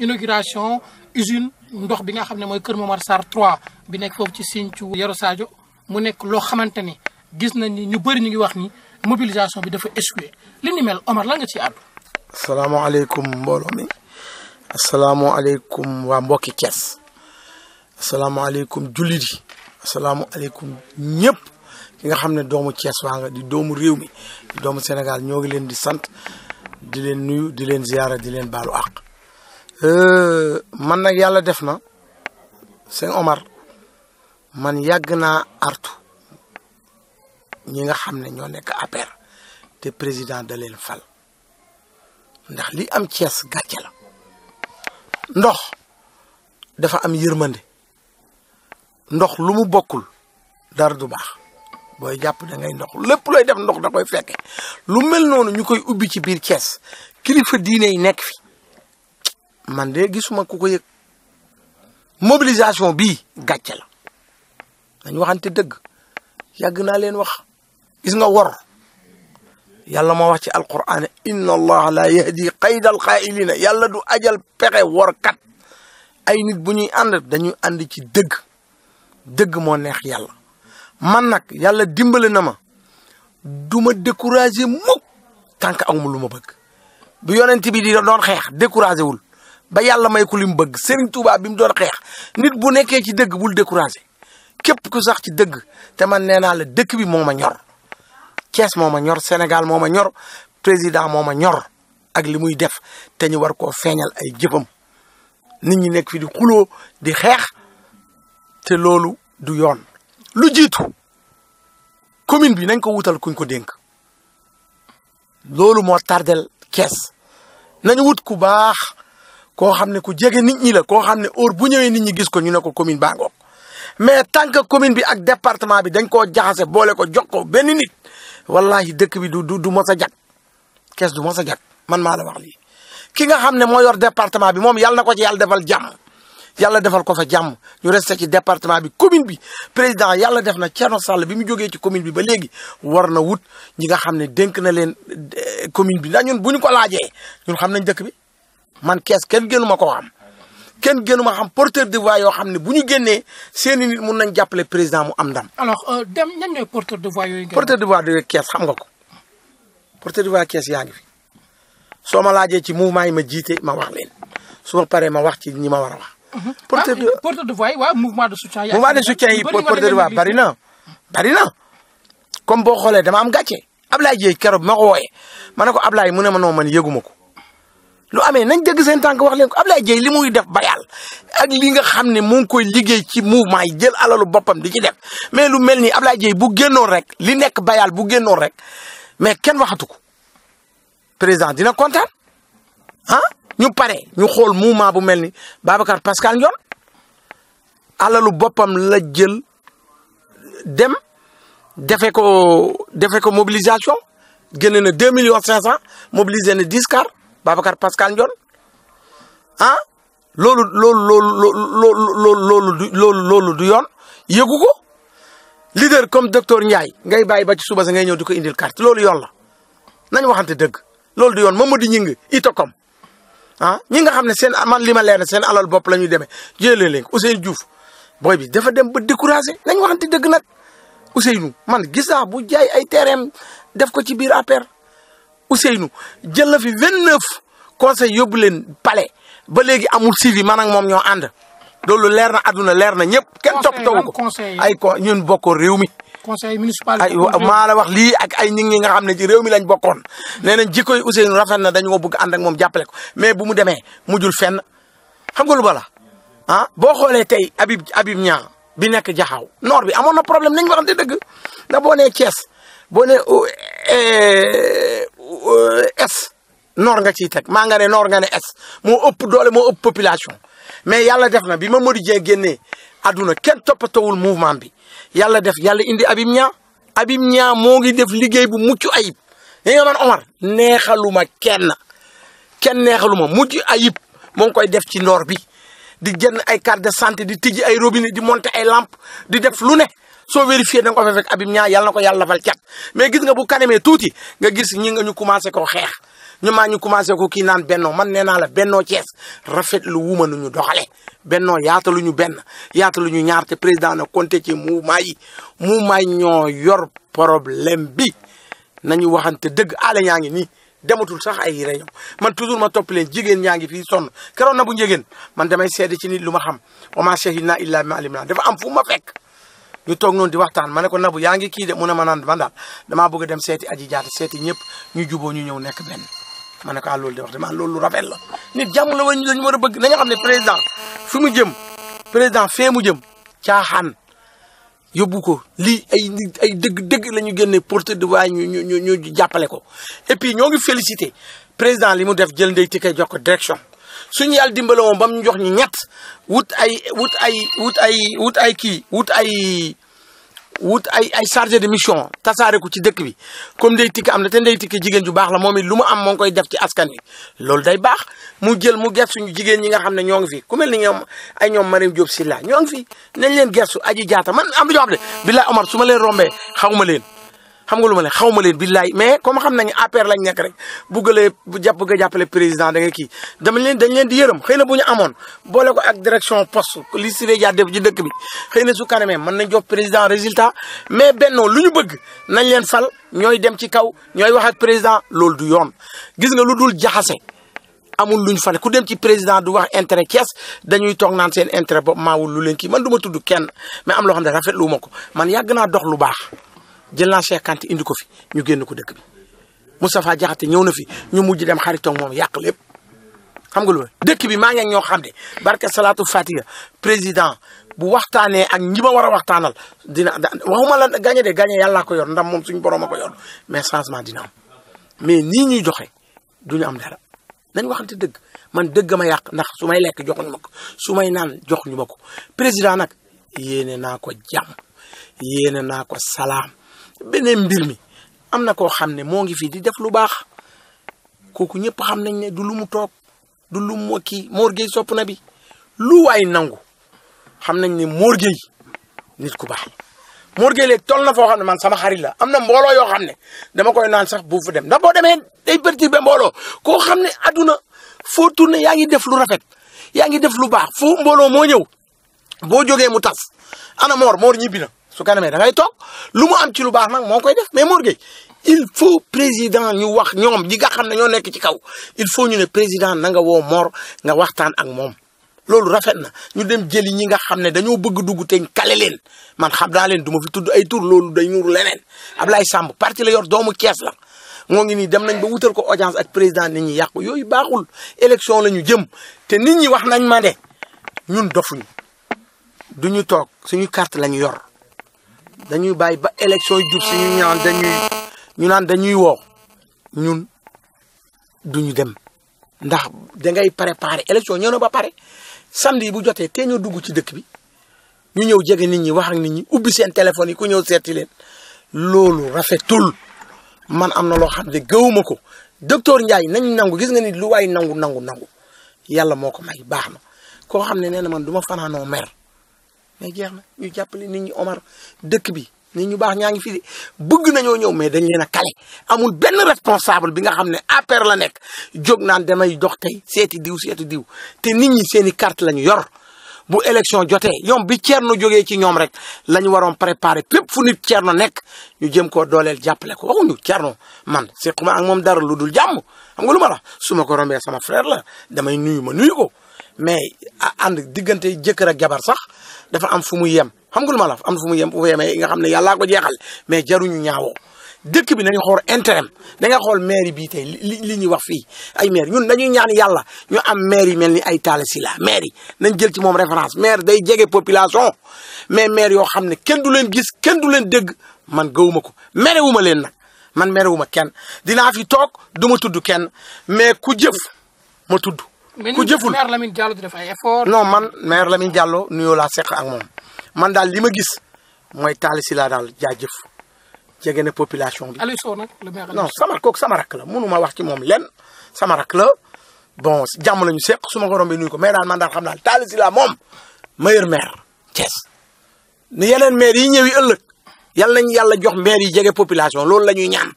inauguration usine ndox bi nga xam ne mooy Kër Momar Sarr 3 bi nekk foofu ci Sinthiou Yoro saajo mu nekk loo xamante ni gis nañ ni ñu bari ñu ngi wax ni mobilisation bi dafa échoué li ni mel Omar lan nga ciy àddu. salaamaaleykum mbooloo mi asalaamaaleykum waa mbokki Thiès asalaamaaleykum jullit yi asalaamaaleykum ñëpp ki nga xam ne doomu Thiès waa nga di doomu réew mi di doomu Sénégal ñoo ngi leen di sant di leen nuyu di leen ziyaara di leen baalu àq. Euh, man nag yàlla def na sëñ Omar man yàgg naa artu ñi nga xam ne ñoo nekk APR te président da leen fal ndax li am Cees gàcce la ndox dafa am yërmande ndox lu mu bokkul dara du baax booy jàpp dangay ndox lépp looy def ndox da koy fekke lu mel noonu ñu koy ubbi ci biir Cees kilifa diine yi nekk fi man de gisuma ku ko yëg mobilisation bii gàcce la dañu waxante dëgg yàgg naa leen wax gis nga wor yàlla moo wax ci alquraan inna allaha la yahdi qayda alxaa'ilina yàlla du ajal pexe workat ay nit bu ñuy ànd dañuy ànd ci dëgg dëgg moo neex yàlla man nag yàlla dimbale na ma duma ma découragé mukk tànk awma lu ma bëgg bu ti bii di doon xeex découragé wul ba yàlla may ko li mu bëgg Serigne Touba bi mu doon xeex nit bu nekkee ci dëgg bul découragé képp ku sax ci dëgg te man nee naa la dëkk bi moo ma ñor Thiès moo ma ñor Sénégal moo ma ñor président moo ma ñor ak li muy def te ñu war koo feeñal ay jëfam nit ñi nekk fii di xuloo di xeex te loolu du yoon. lu jiitu commune bi nañ ko wutal kuñ ko dénk loolu moo tardel Thiès nañu wut ku baax. koo xam ne ku jege nit ñi la koo xam ne heure bu ñëwee nit ñi gis ko ñu ne ko commune baa mais tant que commune bi ak département bi dañ koo jaxase boole ko jox ko benn nit wallahi dëkk bi du du du mos a jag kees du mos a jag man maa la wax lii. ki nga xam ne moo yor département bi moom yàlla ko ci yàlla defal jàmm yàlla defal ko fa jàmm ñu resté ci département bi commune bi président yàlla def na Thierno Sall bi mu jógee ci commune bi ba léegi war na wut ñi nga xam ne dénk na leen eh, commune bi ndax ñun bu ñu ko laajee ñun xam nañ dëkk bi. man kees kenn gënu ma koo am kenn gënu ma xam porteur de voix yoo xam ne bu ñu génnee seeni nit mun nañ jàppale président mu am ndam. alors euh, dem ñan ñooy porteur de voix yooyu. porteur de voix de kees xam nga ko porteur de voix kees yaa ngi fi soo ma laajee ci mouvement yi ma jiite ma wax ne su ma paree ma wax ci ñi ma war a wax. Mhm. porteur de ah, porteur de voix yi mouvement de soutien. yaa mouvement de soutien yi porteur de voix bari na bari na comme boo xoolee dama am gàcce Ablaye Dieye keroog ma ko ma ne ko Ablaye mu ne ma noo man yëgu ko. lu amee nañ dégg seen tànk wax leen ko Ablaye Dieye li muy def bayal ak lii nga xam ne mu ngi koy liggéey ci mouvement yi jël alalu boppam di ci def mais lu mel ni abla Dieye bu génnoon rek li nekk bayal bu génnoon rek mais kenn waxatu ko président dina kontaan ah ñu pare ñu xool mouvement bu mel ni Babacar Pascal Ndione alalu boppam la jël dem defe ko defe ko mobilisation génne na deux millions cinq cent mobilisé na dix car Babacar Pascal Ndione ah loolu loolu loolu loolu loolu du loolu loolu du yoon yëgu ko leader comme docteur Ndiaye ngay bàyyi ba ci suba sa ngay ñëw di ko indil carte loolu yoon la nañu waxante dëgg loolu du yoon ma Mamadou Gningue Itocom ah ñi nga xam ne seen man li ma leer seen alal bopp la ñuy demee jëlee leen ko Ousseynou Diouf booy bi dafa dem ba découragé nañ waxante dëgg nag Ousseynou man gis naa bu jaay ay terrain def ko ci biir APR. Ousseynou jël na fi vingt neuf conseil yóbbu leen palais ba léegi amul suivi man ak ño ñoo ànd loolu leer na àdduna leer na ñëpp kenn toppatoo ko ay ko ñun bokkoo réew mi. conseil municipal ay maa la wax lii ak ay ñi nga xam ne ci réew mi lañ bokkoon nee nañ jikko yi Ousseynou rafet na dañu ko bëgg ànd ak moom jàppale ko mais bu mu demee mujjul fenn xam nga lu bala ah boo xoolee tey Habib Habib Niang bi nekk jaxaw noor bi amoon na problème nañ waxante dëgg ndax boo nee Thiès boo nee oh, eh, noor nga ciy teg maa nga ne noor nga ne es moo ëpp doole moo ëpp population mais yàlla def na bi ma Mamadou jee génnee àdduna kenn toppatawul mouvement bi yàlla def yàlla indi Habib Niang Habib ñaa moo ngi def liggéey bu mucc ayib li nga man Omar neexaluma kenn kenn neexaluma mucc ayib moo ngi koy def ci noor bi di génn ay carte de santé di tijji ay robinet di monter ay lampe di def lu ne soo vérifié da nga ko fa fekk Habib Niang yàlla ko yàlla fal cat mais gis nga bu kanemee tuuti nga gis ñi nga ñu commencé koo xeex ñu maa ñu commencé ko ki nane benno man nee la benno ties rafet lu wuma nu ñu doxale benno yaata lu ñu yaata lu ñu ñaar te président na conté ci mouvement yi mouvement yor problème bi nañu waxante deug ala ñangi ni demutul sax ay réunion man toujours ma top len jigen ñangi fi son kéro na bu jigen man damay seede ci nit luma xam wa ma shahidna illa ma alimna dafa am fu ma fekk ñu tok non di waxtaan mané ko nabu yaangi ki de mu ne ma man dal dama bëgg dem séti aji jaata séti ñëpp ñu jubo ñu ñëw nek benn ma ne ka ah loolu de wax dama loolu lu rafet la nit jàmm la woon dañu war a bëgg nañu xam ne président fi mu jëm président fee mu jëm caaxaan yóbbu ko lii ay ay dëgg-dëgg la ñu génnee porte de voix ñu ñu ñu ñu jàppale ko. et puis ñoo ngi félicité président li mu def jël ndey tike jox ko direction suñu yàlla dimbale woon ba mu jox ñu ñett wut ay wut ay wut ay wut ay kii wut ay. wut ay ay de mission tasaare ko ci dëkk bi comme Ndeye Tické am na te Ndeye Tické jigéen ju baax la moom it lu mu am moo ngi koy def ci askan wi loolu day baax mu jël mu gersu ñu jigéen ñi nga xam ne ñoo ngi fi ku mel ni ñoom ay ñoom Mariam Diop Sylla ñoo ngi fi nañ leen gersu aji jaata man am na ñoo xam ne billaay Omar su ma leen leen xam nga lu ma mais comme xam APR lañ nek rek bu japp ga président da nga ki dama leen dañ leen di yeureum xeyna na amone ko ak direction poste li ci dëkk bi xeyna su man nañ jox président résultat mais benno luñu bëgg nañ leen fal ñoy dem ci kaw ñoy wax président du yoon gis nga lu dul jaxase amul luñu fale ku dem ci président du wax intérêt dañuy tok naan seen intérêt mawul lu leen ki man duma tuddu kenn mais am lo xam ne rafet lu mako man dox lu jël naa Cheikh Kanté indi ko fi ñu génn ko dëkk bi Moustapha Diakhaté ñëw na fi ñu mujj dem xaritoog moom yàq lépp xam nga lu dëkk bi maa ngi ak ñoo xam ne barke Salaatul président bu waxtaanee ak ñi ma war a waxtaanal dina waxuma la gagné de gagné yàlla ko yor ndam moom suñu borom ma ko yor mais changement dina am mais nii ñuy doxee duñu am dara nañ waxante dëgg man dëgg ma yàq ndax su may lekk joxuñu ma ko su may naan joxuñu ma ko président nag yéene naa ko jàmm naa ko salaam. beneen mbir mi am na koo xam ne moo ngi fii di def lu baax kooku ñëpp xam nañ ne du lu mu toog du lu mu kii Mor Gueye sopp na bi lu nangu xam nañ ne Mor Gueye nit ku baax Mor Gueye léegi toll na foo xam ne man sama xarit la am na mbooloo yoo xam ne dama ko naan sax bu fu dem ndax boo demee day perturbe mbooloo koo xam ne adduna foo tourné yaa ngi def lu rafet yaa ngi def lu baax foo mbooloo moo ñëw boo jógee mu tas ana Mor Mor ñibbi na. su kanamee da ngay toog lu mu am ci lu baax nag moom koy def mais Mor Gueye il faut président ñu wax ñoom ñi nga xam ne ñoo nekk ci kaw il faut ñu ne président na nga woo Mor nga waxtaan ak moom. loolu rafet na ñu dem jëli ñi nga xam ne dañoo bëgg dugg teñ kale leen man xam naa leen du ma fi tudd ay tur loolu day ñuur leneen Ablaye Samb parti la yor doomu Cees la moo ngi nii dem nañ ba wutal ko audience ak président nit ñu yàqu yooyu baaxul élection la jëm te nit ñi wax nañ ma de ñun dofuñu duñu toog suñu carte la ñu yor dañuy bàyyi ba élection yi jub si ñu ñaan dañuy ñu naan dañuy woo ñun duñu dem ndax da ngay préparer élection ñëw na ba pare samedi bu jotee te ñoo dugg ci dëkk bi ñu ñëw jege nit ñu wax ak nit ñi ubbi seen téléphone yi ku ñëw seeti leen loolu rafetul man am na loo xam ne gëwuma ko docteur Ndiaye nañ nangu gis nga ni lu waay nangu nangu nangu yàlla moo ko may baax na koo xam ne nee na man du ma fanaanoo mer mais jeex na ñu jàppale nit ñi Omar dëkk bi nit ñu baax ñaa ngi fi bëgg nañoo ñëw mais dañ leen a kale amul benn responsable bi nga xam ne APR la nekk jóg naan damay dox tey seeti diw seeti diw te nit ñi seen i carte la ñu yor bu élection jotee ñoom bi Thierno jógee ci ñoom rek la ñu waroon préparer fépp fu nit Thierno nekk ñu jëm koo dooleel jàppale ko waxuñu Thierno man sequma ak moom dara lu dul jàmm xam nga lu ma la su ma ko sama frère la damay nuyu ma nuyu mais ànd diggante jëkkër ak jabar sax dafa am fu muy yem xam nga lu ma la am fu muy yem fu yemee nga xam ne yàllaa ko jeexal mais jaruñu ñaawoo dëkk bi nañu xool intérêt da nga xool maire bii tey li li ñuy wax fii ay maire ñun dañuy ñaan yàlla ñu am maire yi mel ni ay Talla Sylla maire yi nañ jël ci moom référence maire day jege population mais maire yoo xam ne kenn du leen gis kenn du leen dëgg man gawuma ko mere wu ma leen nag man mere wu ma kenn dinaa fi toog du ma tudd kenn mais ku jëf ma tudd ku jëful maire Lamine Diallo di def ay effort. non man maire Lamine Diallo nuyoo laa seq ak moom man daal li ma gis mooy taali si laa daal jaajëf jege na population bi. Aliou Sow nag le maire non sama kooku sama rakk la mënu ma wax ci moom lenn sama rak la bon jàmm lañu seq su ma ko bi nuyu ko mais daal man daal xam naa taali si laa moom meilleur maire Thiès ni yeneen maire yi ñëwi ëllëg yal nañu yàlla jox maire yi jege population loolu la ñuy ñaan.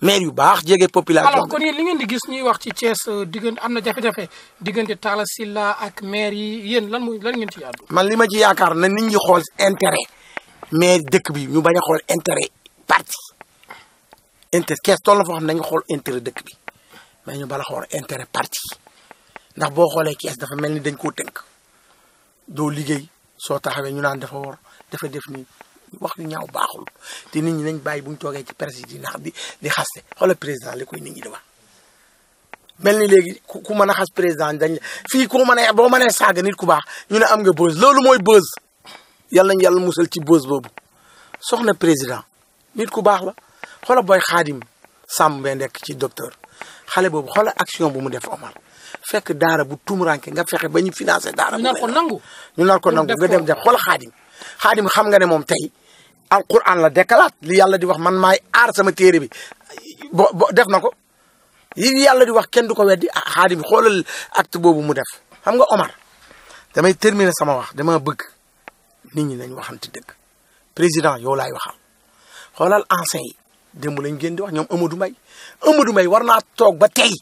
maire yu baax jege population. alors kon yéen li ngeen di gis ñuy wax ci Thiès euh, diggante am na jafe-jafe diggante Talla Sylla ak maire yi yéen lan mooy lan ngeen ci àddu. man li ma ci yaakaar na nit ñi xool intérêt maire dëkk bi ñu bañ a xool intérêt parti intérêt Thiès toll na foo xam ne nañu xool intérêt dëkk bi mais ñu bala xool intérêt parti ndax boo xoolee Thiès dafa mel ni dañ koo tënk doo liggéey soo taxawee ñu naan dafa war dafa def nii. wax ñu ñaaw baaxul te nit ñi nañ bàyyi bu ñu toogee ci presse yi di nax di di xaste xoolal président li koy nit ñi di wax. mel ni léegi ku mën a xas président dañ fii ku mën a boo mënee saaga nit ku baax ñu ne am nga buzz loolu mooy buzz yàlla nañ yàlla musal ci buzz boobu soxna président nit ku baax la xoolal booy xaadim sàmm bee nekk ci docteur xale boobu xoolal action bu mu def Omar. fekk daara bu tum ranke nga fexe ba ñu financé daara. ñu nar ko nangu ñu ko nangu nga dem def xool xaadim xam nga ne mom tay alquran la dekkalaat li yalla di wax man may ar sama téré bi bo bo def nako yi yalla di wax kenn duko wéddi weddi ah, xolal acte bobu mu def xam nga Omar damay terminer sama wax dama bëgg nit ñi nañ waxanti dëgg président yow lay waxal xolal ancien yi lañ gën di wax ñom Amadou may Amadou may warna tok ba tay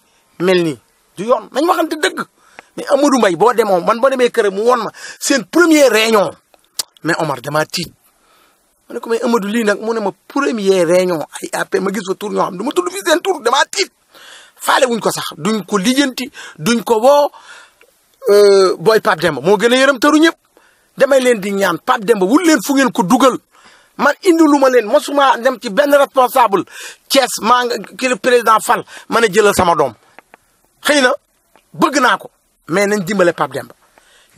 melni du yoon nañ waxanti dëgg mais Amadou may bo man bo demee kër mu won ma sen premier réunion mais Omar damaa tiit ma ne ko mais Amadou lii nag mu ne ma premier réunion ay AP ma gis fa tur ñoo xam du ma tudd fi seen tur damaa tiit faale wuñ ko sax duñ ko lijjanti duñ ko woo euh, booy Pape Demba moo gën a yërëm tëru ñëpp damay leen di ñaan Pape Demba wul leen fu ngeen ko dugal man indi lu ma leen mosuma dem ci benn responsable Thiès maa nga kii président fal ma ne jëlal sama doom xëy na bëgg naa ko mais nañ dimbale Pape Demba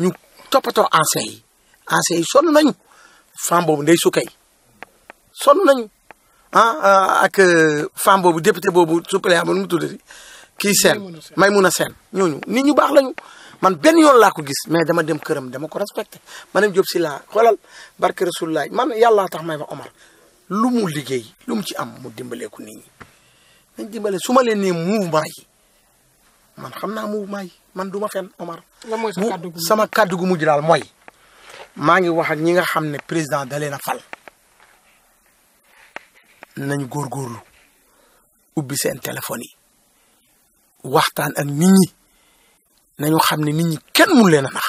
ñu toppatoo anciens yi. anciens yi sonn nañu femme boobu ndey sukay sonn nañu ah, ah ak euh, femme boobu député boobu suppléant ba mu tuddati kii seen mun a Seen ñooñu nit ñu baax lañu man benn yoon laa ko gis mais dama dem këram dama ko respecté ma dem Diop si laa xoolal barke Rasulullah man yàllaa tax may wax Omar lu mu liggéey lu mu ci am mu dimbaleeku nit ñi nañ dimbale su ma leen nee mouvement yi man xam naa mouvement yi man du ma fenn Omar. sama kàddu gu mujj daal mooy. mangi wax ak ñi nga xamne président da leen fal nañ gor gorlu ubbi sen téléphone yi waxtaan ak nit ñi nañu xamne nit ñi kenn mu leena nax